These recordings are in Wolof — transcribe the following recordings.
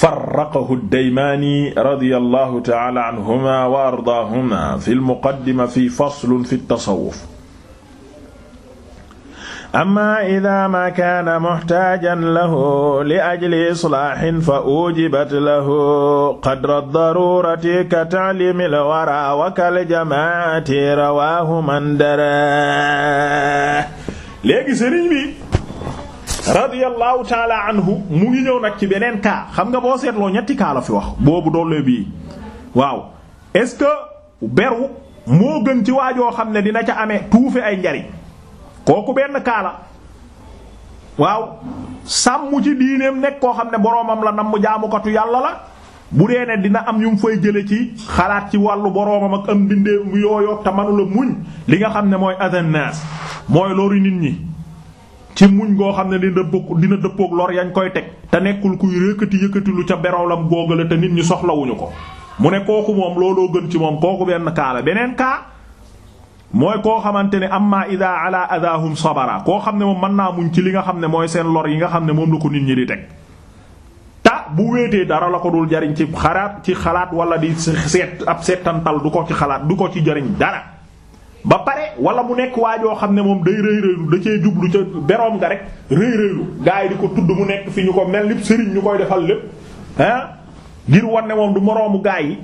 farraqahu daymaani radiyallahu ta'ala anhuma wa ardaahuma fi lmuqaddima fi faslun fi tasawuf amma idaa maa kaana muhtaajan lahu li ajli islaahin fa ujibat lahu qadra daruurati ka ta'liimil waraa wa kal jamaati rawaahu man daraa léegi sëriñ bi radiyallahu taala anhu mu ngi ñëw nag ci beneen cas xam nga boo seetloo ñetti kaala la fi wax boobu doole bii waaw est-ce que beru moo gën ci waajoo xam ne dina ca amee tuufe ay njariñ kooku benn kaala waaw sàmm ci diineem nekk koo xam ne boroomam la namm mu jaamukatu yàlla la bu dee ne dina am yu mu fay jële ci xalaat ci wàllu boroomam ak am mbindeem yooyoog te manula muñ li nga xam ne mooy adannas mooy loru nit ñi ci muñ goo xam ne dina dëppook dina dëppook lor yañ koy teg te nekkul kuy yëkkati yëkkati ca ca beroolam góogale te nit ñi soxlawuñu ko mu ne kooku moom looloo gën ci moom kooku benn kaa la beneen kaa mooy koo xamante ne am amma ida ala adahum sabara koo xam ne moom mën naa muñ ci li nga xam ne mooy seen lor yi nga xam ne moom la ko nit ñi di teg ta bu wéetee dara la ko dul jariñ ci xalaat ci xalaat wala di seet ab seetantal du ko ci xalaat du ko ci jariñ dara ba pare wala mu nekk waa joo xam ne moom day rëy rëylu da cee jublu ca beroom nga rek rëy rëylu gaa yi di ko tudd mu nekk fi ñu ko mel lépp sëriñ ñu koy defal lépp ah ngir ne moom du moroomu gaa yi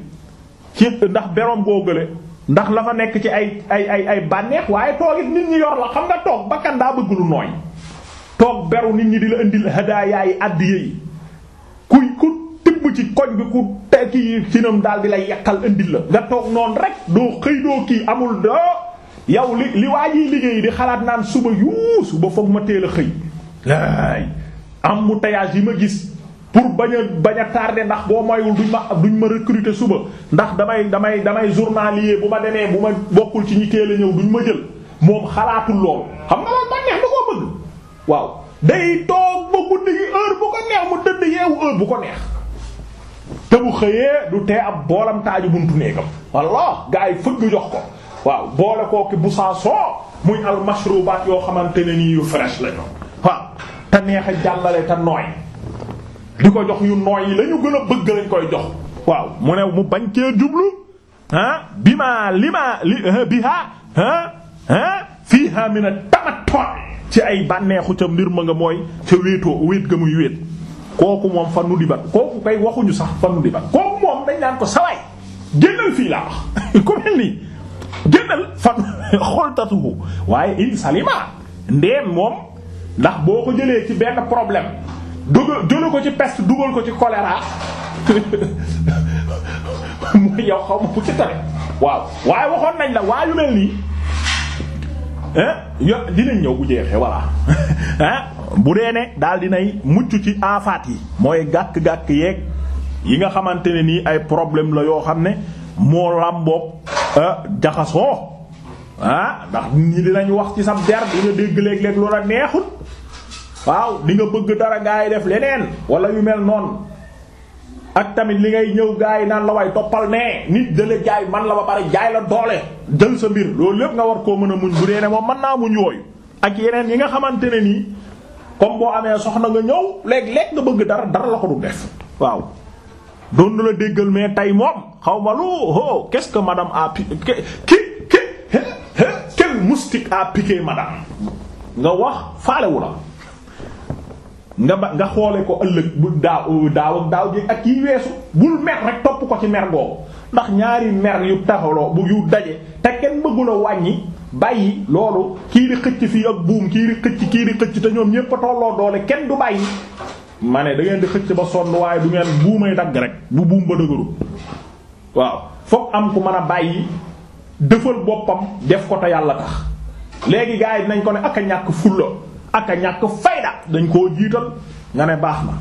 ci ndax beroom boo ndax la nekk ci ay ay ay ay bànneex waaye toogit nit ñi yor xam nga toog bakkan daa bëgg lu nooy toog nit ñi di la indil hadaya yi addiya yi kuy ku tibb ci koñ bi ku tekki ci nam daal di lay yàqal indil la nga toog noonu rek doo xëy doo kii amul doo yow li li waa jiy liggéey di xalaat naan suba yuu suba foog ma teel a xëy laay am mu tayaas yi ma gis pour bañ a bañ a tardé ndax boo mayul duñ ma duñ ma recruter suba ndax damay damay damay journalier bu ma demee bu ma bokkul ci ñu teel a ñëw duñ ma jël moom xalaatul lool xam nga loolu man neex koo bëgg waaw day toog ba guddi gi heure bu ko neex mu dëdd yeewu heure bu ko neex te bu xëyee du tee ab boolam taaju buntu néegam walla gaa yi fëgg jox ko waaw boole kooki bu saasoo muy al mashrubaat yoo xamante ne nii yu fresh lañu waaw te neex a jàllale te nooy di ko jox yu nooy yi la ñu gën a bëgg lañ koy jox waaw mu ne mu bañ cee jublu ah bi maa li maa ah, li bi ha ah, ah, fii ha mi na tamatoo ci ay bànneexu ca mbir ma nga mooy ca wéetoo wéet ga muy wéet kooku moom fa nu di kooku kay waxuñu sax fa nu di kooku moom dañ naan ko sawaay génnal fii laa wax ku mel nii génnal fa xoltatuhu waaye in salima ndeem moom ndax boo ko jëlee ci benn problème dugal jëlu ko ci peste dugal ko ci choléra mooy yow xaw ma bu ci tare waaw waaye waxoon nañ la waa yu mel nii yo dinañ ñëw bu jeexee voilà ah bu dee ne daal dinay mucc ci aafaat yi mooy gàkk-gàkk yeeg yi nga xamante ne nii ay problème la yoo xam ne moo làmboog Euh, jaxasoo ah ndax ñi dinañ wax ci sa der di nga dégg léeg-léeg lu la neexut waaw di nga bëgg dara gaa yi def leneen wala yu mel noonu ak tamit li ngay ñëw gaa yi naan la waaye toppal ne nit dale jaay man la ba pare jaay la doole jël sa mbir loolu lépp nga war koo mën a muñ bu dee ne moom man naa muñ yooyu ak yeneen yi nga xamante ne nii comme boo amee soxna nga ñëw léeg-léeg nga bëgg dara dara la ko du def waaw doon na la déggal mais tey moom. xaw ma lu oh qu'est-ce que madame a piqué ki ki quel moustique a piqué madame nga wax faalewu la nga ba nga xoole ko ëllëg bu daaw daaw ak daaw jéeg ak yi weesu bul mer rek topp ko ci mer googu ndax ñaari mer yu taxaloo bu yu daje te kenn bëggul a wàññi bàyyi loolu kii di xëcc fii ak buum kii di xëcc kii di xëcc te ñoom ñépp tolloo doole kenn du bàyyi ma ne da ngeen di xëcc ba sonn waaye du ngeen buumay dagg rek bu buum ba dëgëru waaw fokk am ku mën a bàyyi dëfal boppam def ko te yàlla tax léegi gars yi dinañ ko ne ak a ñàkk fulla ak ñàkk fayda dañ koo jiital nga ne baax na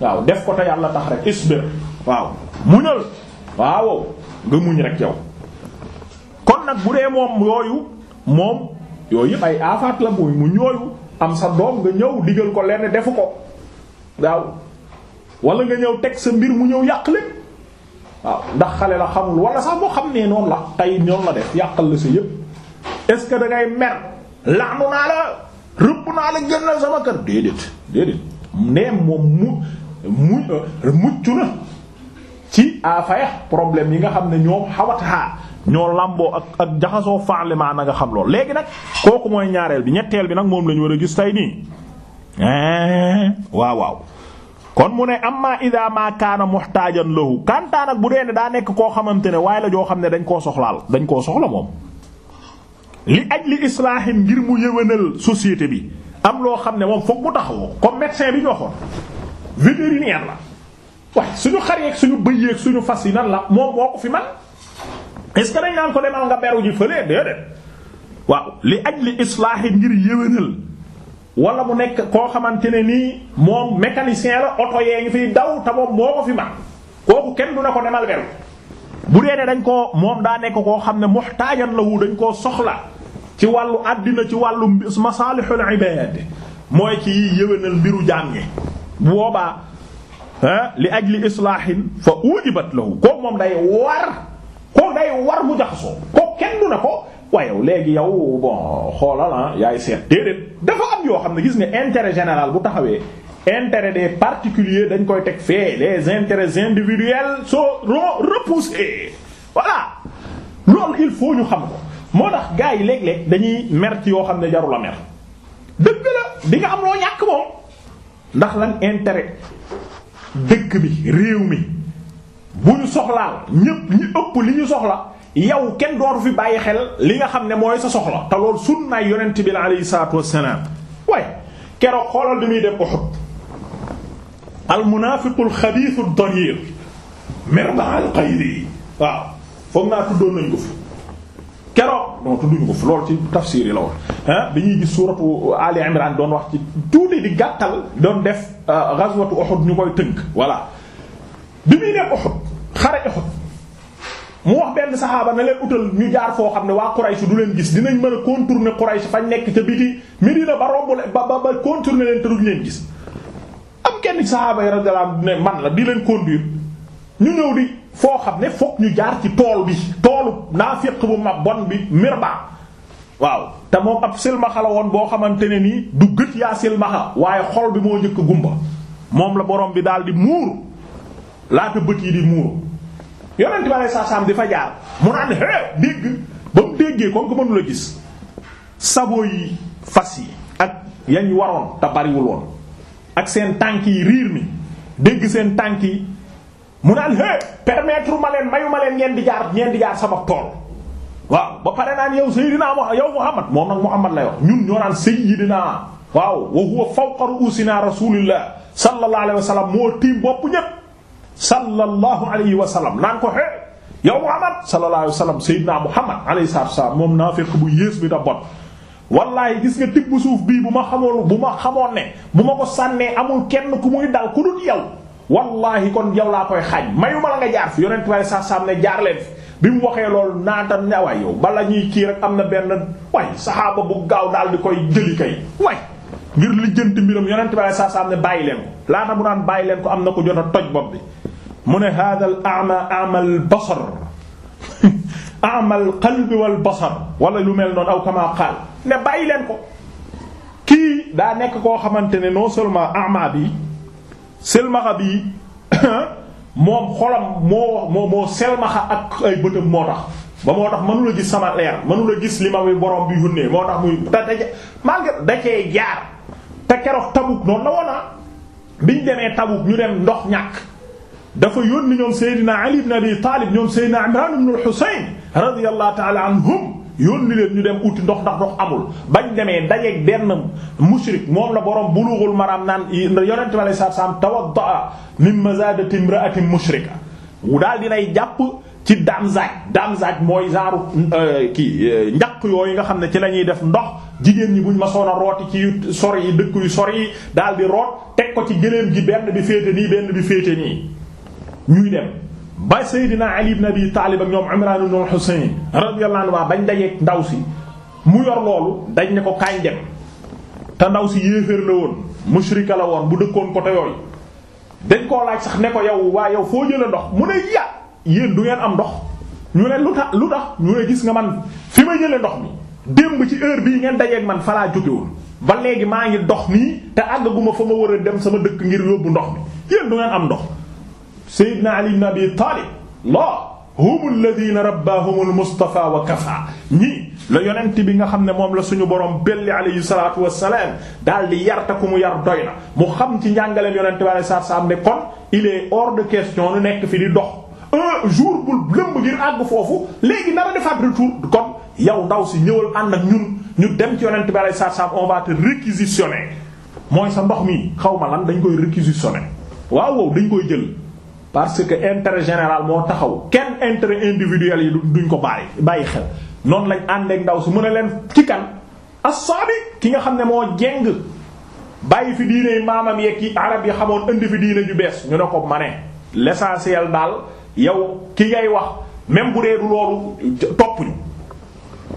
waaw def ko te yàlla tax rek isbir waaw muñal waaw nga muñ rek yow kon nag bu dee moom yooyu moom yooyu yëpp ay aafaat la muy mu ñooyu am sa doom nga ñëw digal ko lenn defu ko waaw wala nga ñëw teg sa mbir mu ñëw yàq lépp waaw ndax xale la xamul wala sax moo xam ne noonu la tey noonu la def yàqal la si yëpp est-ce que da mer laanu naa la rëbb naa la génnal sama kër déedéet déedéet nee moom mu mu euh, mucc na ci afaya problème yi nga xam ne ñoom xawataa ñoo lamboo ak ak jaxasoo faale maa nga xam lool léegi nag kooku mooy ñaareel bi ñetteel bi nag moom lañu war a gis tay nii eh, waaw waaw. kon mu ne amma ida ma kaana muhtaajan lahu kantaa nag bu dee ne daa nekk koo xamante ne waaye la joo xam ne dañ koo soxlaal dañ koo soxla moom li ajli islaahin ngir mu yëwénal société bi am loo xam ne moom foog mu taxawoo comme médecin bi ñu waxoon suñu fas yi nan la moom moo ko fi man est-ce que dañ naan ko demal nga beru ji fële déedéet waaw li ajli islaahin ngir yëwénal wala mu nekk koo xamante ne nii moom mécanicien la oto yee ngi fiy daw te moom moo ko fi man kooku kenn du na ko demal beru bu dee ne dañ koo moom daa nekk koo xam ne la lahu dañ koo soxla ci wàllu àddina ci wàllu masalihul ibad mooy ci yiy yëwénal mbiru jaam ñi bu boobaa ah, li ajli islaahin fa ujibat lahu kooku moom day war kooku day war mu jaxasoo kooku kenn du na ko waaye léegi yow bon xoolal ah yaay seet déedéet dafa am yoo xam ne gis nga intérêt général bu taxawee intérêt des particuliers dañ koy teg fee les intérêts individuels sont repoussés voilà loolu il faut ñu xam ko moo tax gars yi léeg-léeg dañuy mer ci yoo xam ne jarul a mer dëgg la di am loo ñàkk moom ndax lan intérêt dëkk bi réew mi bu ñu soxlaal ñépp ñi ëpp li ñu soxla yow kenn dootu fi bàyyi xel li nga xam ne mooy sa soxla te loolu sunnaay yonent bi la aleyhi salaatu wassalaam waaye keroog xoolal di muy def Uhud al munaafiqu al xabiisu ad-dariir Mirdad naa tuddoon nañ ko fi keroog non tudduñu ko fi loolu ci tafsir yi doon wax ci tuuti di gàttal doon def euh, ghazwatu Uhud ñu koy tënk voilà bi muy def Uhud mu wax benn saxaaba na leen utal ñu jaar foo xam ne waa Quraysh du leen gis dinañ mën a contourner Quraysh fañ nekk ca biti Medina ba romb ba ba ba contourner leen te duñ leen gis. am kenn saxaaba yi radiyallahu ne man la di leen conduire ñu ñëw di foo xam ne fokk ñu jaar ci tool bi toolu naa naafiq bu ma bon bi mirba waaw te moom ab silmaxa la woon boo xamante ne nii du gët yaa silmaxa waaye xol bi moo njëkk gumba moom la boroom bi daal di muur laata bët yi di muur. yonent bi alayhi salaam di fa jaar mu naan hé dégg ba mu déggee comme que mënu la gis saboo yi fas yi ak yañ waroon te bariwul woon ak seen tànk yi riir mi dégg seen tànk yi mu naan hé permettre ma leen mayu ma leen ngeen di jaar ngeen di jaar sama tool waaw ba pare naan yow Seydina Muhammad yow Muhammad moom nag Muhammad la wax ñun ñoo naan Seydina waaw wa huwa fawqa ru'usina rasulillah sallallahu alayhi wa moo tiim bopp ñépp sallallahu alayhi wa sallam naan ko xee yow Muhammad sallallahu alayhi wa sallam Seydina Muhammad alayhi salaatu wa salaam moom naa fekk bu yées bi da bot wallaay gis nga tibb suuf bii bu ma xamoon bu ma xamoon ne bu ma ko sànnee amul kenn ku muy dal ku dul yow wallahi kon yow laa koy xaaj mayu ma la nga jaar fi yonent waaye ne jaar fi bi mu waxee loolu naatam ne waay yow bala ñuy kii rek am na benn waay saxaaba bu gaaw daal di koy jëli kay waay ngir lijjanti mbiram yonent waaye sax saam ne bàyyi leen laata mu naan bàyyi leen ko am na ko jot a toj bi mu ne hada al ama ama al basar ama al qalbi wal basar wala lu mel noonu aw kama qaal ne bàyyi leen ko kii daa nekk koo xamante ne non seulement ama bi selmaxa bi moom xolam moo moo moo selmaxa ak ay bëtam moo tax ba moo tax mënula gis sama leer mënula gis li ma wi borom bi yónnee moo tax muy te daje malgré dacee jaar te keroog Tabuk noonu la woona ah. biñ demee Tabuk ñu dem ndox ñàkk dafa yónni ñoom Seydina Ali ibn Abi Taalib ñoom Seydina Imraan ibn al-Husayn radiyallahu ta'ala anhum yónni leen ñu dem uti ndox ndax amul bañ demee dajeeg benn mushrik moom la borom Bulughul Maram naan yonent bi alayhi salaam tawaddaa min mazaadati imra'atin mushrika daal dinay jàpp ci damzaaj damzaaj mooy genre euh, kii euh, njaq yooyu nga xam ne ci la ñuy def ndox jigéen ñi buñ ma soon a rooti ci sor yi dëkk yu sor yi daal di root teg ko ci gëléem gi benn bi féete nii benn bi féete nii. ñuy dem ba Seydina Ali ibn Abi Taalib ak ñoom Imraan ibn Husayn radiyallahu anhu bañ dajeeg ndaw si mu yor loolu dañ ne ko kaañ dem te ndaw si yéeféer la woon mushrika la woon bu dëkkoon côté yooyu dañ koo laaj sax ne ko yow waa yow foo jëlee ndox mu ne ya yéen du ngeen am ndox ñu ne lu tax lu tax ñu ne gis nga man fi ma jëlee ndox mi démb ci heure bii ngeen dajeeg man falaa jógewul ba léegi maa ngi dox nii te àgg gu ma fa ma war a dem sama dëkk ngir yóbbu ndox mi du ngeen am ndox Seydina Ali ibn Abi Talib la hum alladina rabbahum almustafa wa kafa ñii la yonent bi nga xam ne moom la suñu borom belli alayhi salatu wasalaam daal di yarta ku mu yar doy na mu xam ci njàngaleem yonent bi alayhi salatu wasalaam ne kon il est de question lu nekk fi di dox un jour bul lëmb ngir àgg foofu léegi nara defaat retour kon yow ndaw si ñëwal ànd ak ñun ñu dem ci yonent bi alayhi salatu wasalaam on va te mooy sa ndox mi xaw ma lan dañ koy réquisitionner waaw parce que intérêt général moo taxaw kenn intérêt individuel yi duñ ko bàyyi bàyyi xel noonu lañ ànd ndaw su mën a leen ci kan assaabi ki nga xam ne moo jeng bàyyi fi diine maamam yeeg ki arab yi xamoon indi fi diine ju bees ñu ne ko ma ne l'essentiel daal yow ki ngay wax même bu dee du loolu topp ñu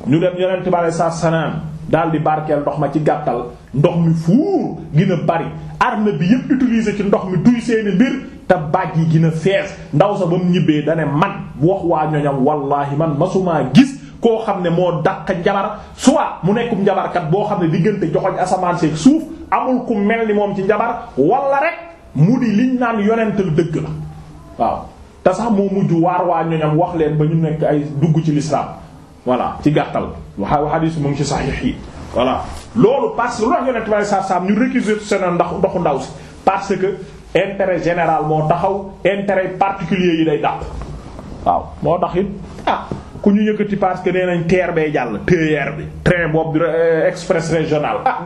ñu dem yonent bi alei salaam daal di barkeel ndox ma ci gàttal ndox mi fuur gën bari na bi yëpp utiliser ci ndox mi duy seeni mbir te baaj yi gën fees ndaw sa ba mu ñibbee dane man wax waa ñoñam wallaahi man masumaa gis koo xam ne moo daq njabar soit mu nekkum njabarkat boo xam ne diggante joxoñ asamaan seeg suuf amul ku mel ni moom ci njabar wala rek mu di liñ naan yonental dëgg la waaw te sax moo mujj waar waa ñoñam wax leen ba ñu nekk ay dugg ci l'islam voilà ci gàttal wax xadiis mu ngi ci saxiix yi voilà loolu parce que lu tax yonent bi saa saam ñu récuser seen ndax ndoxu ndaw si parce que intérêt général moo taxaw intérêt particulier yi day dàq waaw moo tax it ah ku ñu yëkkati parce que nee nañ TER bay jàll TER bi train boobu euh, express régional ah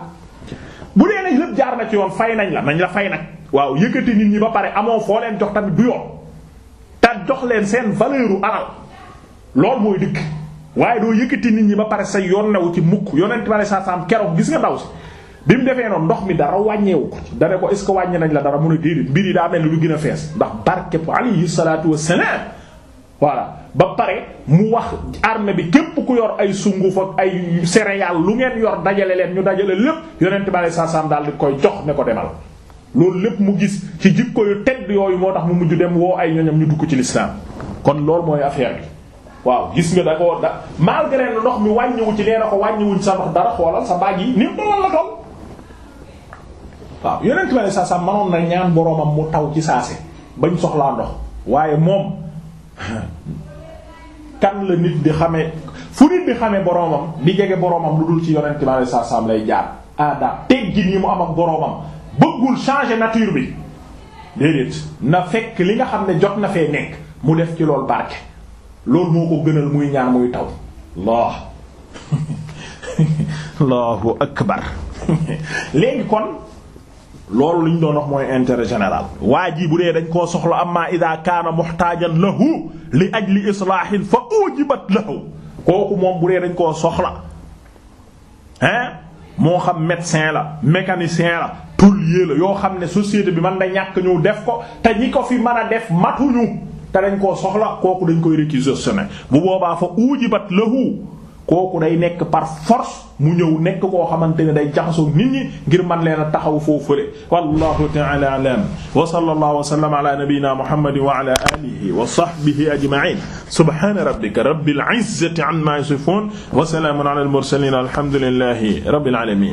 bu dee nañ lépp jaar na ci yoon fay nañ la nañ la fay nag waaw yëkkati nit ñi ba pare amoo foo leen jox tamit du yoon te jox leen seen valeur u loolu mooy dëkk waaye doo yëkkati nit ñi ba pare sa yoon newu ci mukk yonent bale saa saam keroog gis nga ndaw si bi mu defee noonu ndox mi dara wàññeewu ko dana ko est ce que nañ la dara mu a déedéet mbir yi daa mel ni lu gën a fees ndax barke bu alayhi salaatu wassalaam waaw ba pare mu wax armée bi képp ku yor ay sunguf ak ay céréales lu ngeen yor dajale leen ñu dajale lépp yonent bale saa saam daal di koy jox ne ko demal loolu lépp mu gis ci jikko yu tedd yooyu moo tax mu mujj dem woo ay ñoñam ñu dugg ci l'islam kon loolu mooy affaire bi waaw gis nga da koo da malgré ne ndox mi wàññiwu ci nee ko wàññiwuñ sa ndox dara xoolal sa baag yi ni mu doon la toll. waaw yeneen clé sa sa manoon na ñaan boromam mu taw ci saase bañ soxlaa ndox waaye moom kan la nit di xame fu nit di xamee boromam di jege boromam lu dul ci yonent clé sa sa lay jaar. aada teggin yi mu am ak boromam bëggul changer nature bi déedéet na fekk li nga xam ne jot na fee nekk mu def ci loolu barke. loolu moo ko gënal muy ñaan muy taw Allah Allahu akbar léegi kon loolu luñ doon wax mooy intérêt général waa ji bu dee dañ koo soxla amma ida kaana muhtaajan lahu li ajli islaahin fa ujibat lahu kooku moom bu dee dañ koo soxla hein moo xam médecin la mécanicien la tôlier la yoo xam ne société bi mën na ñàkk ñëw def ko te ñi ko fi mën a def matuñu te dañ koo soxla kooku dañ koy réquisitionné bu boobaa fa ujibat lahu kooku day nekk par force mu ñëw nekk koo xamante ne day jaxasoo nit ñi ngir man leen a taxaw foofu fële wallahu ta'ala a'lam wa sallallahu wa sallama ala nabiyyina muhammadin wa ala alihi wa sahbihi ajma'in subhana rabbika rabbil izzati amma yasifun wa salamun ala al mursalin alhamdulillahi rabbil alamin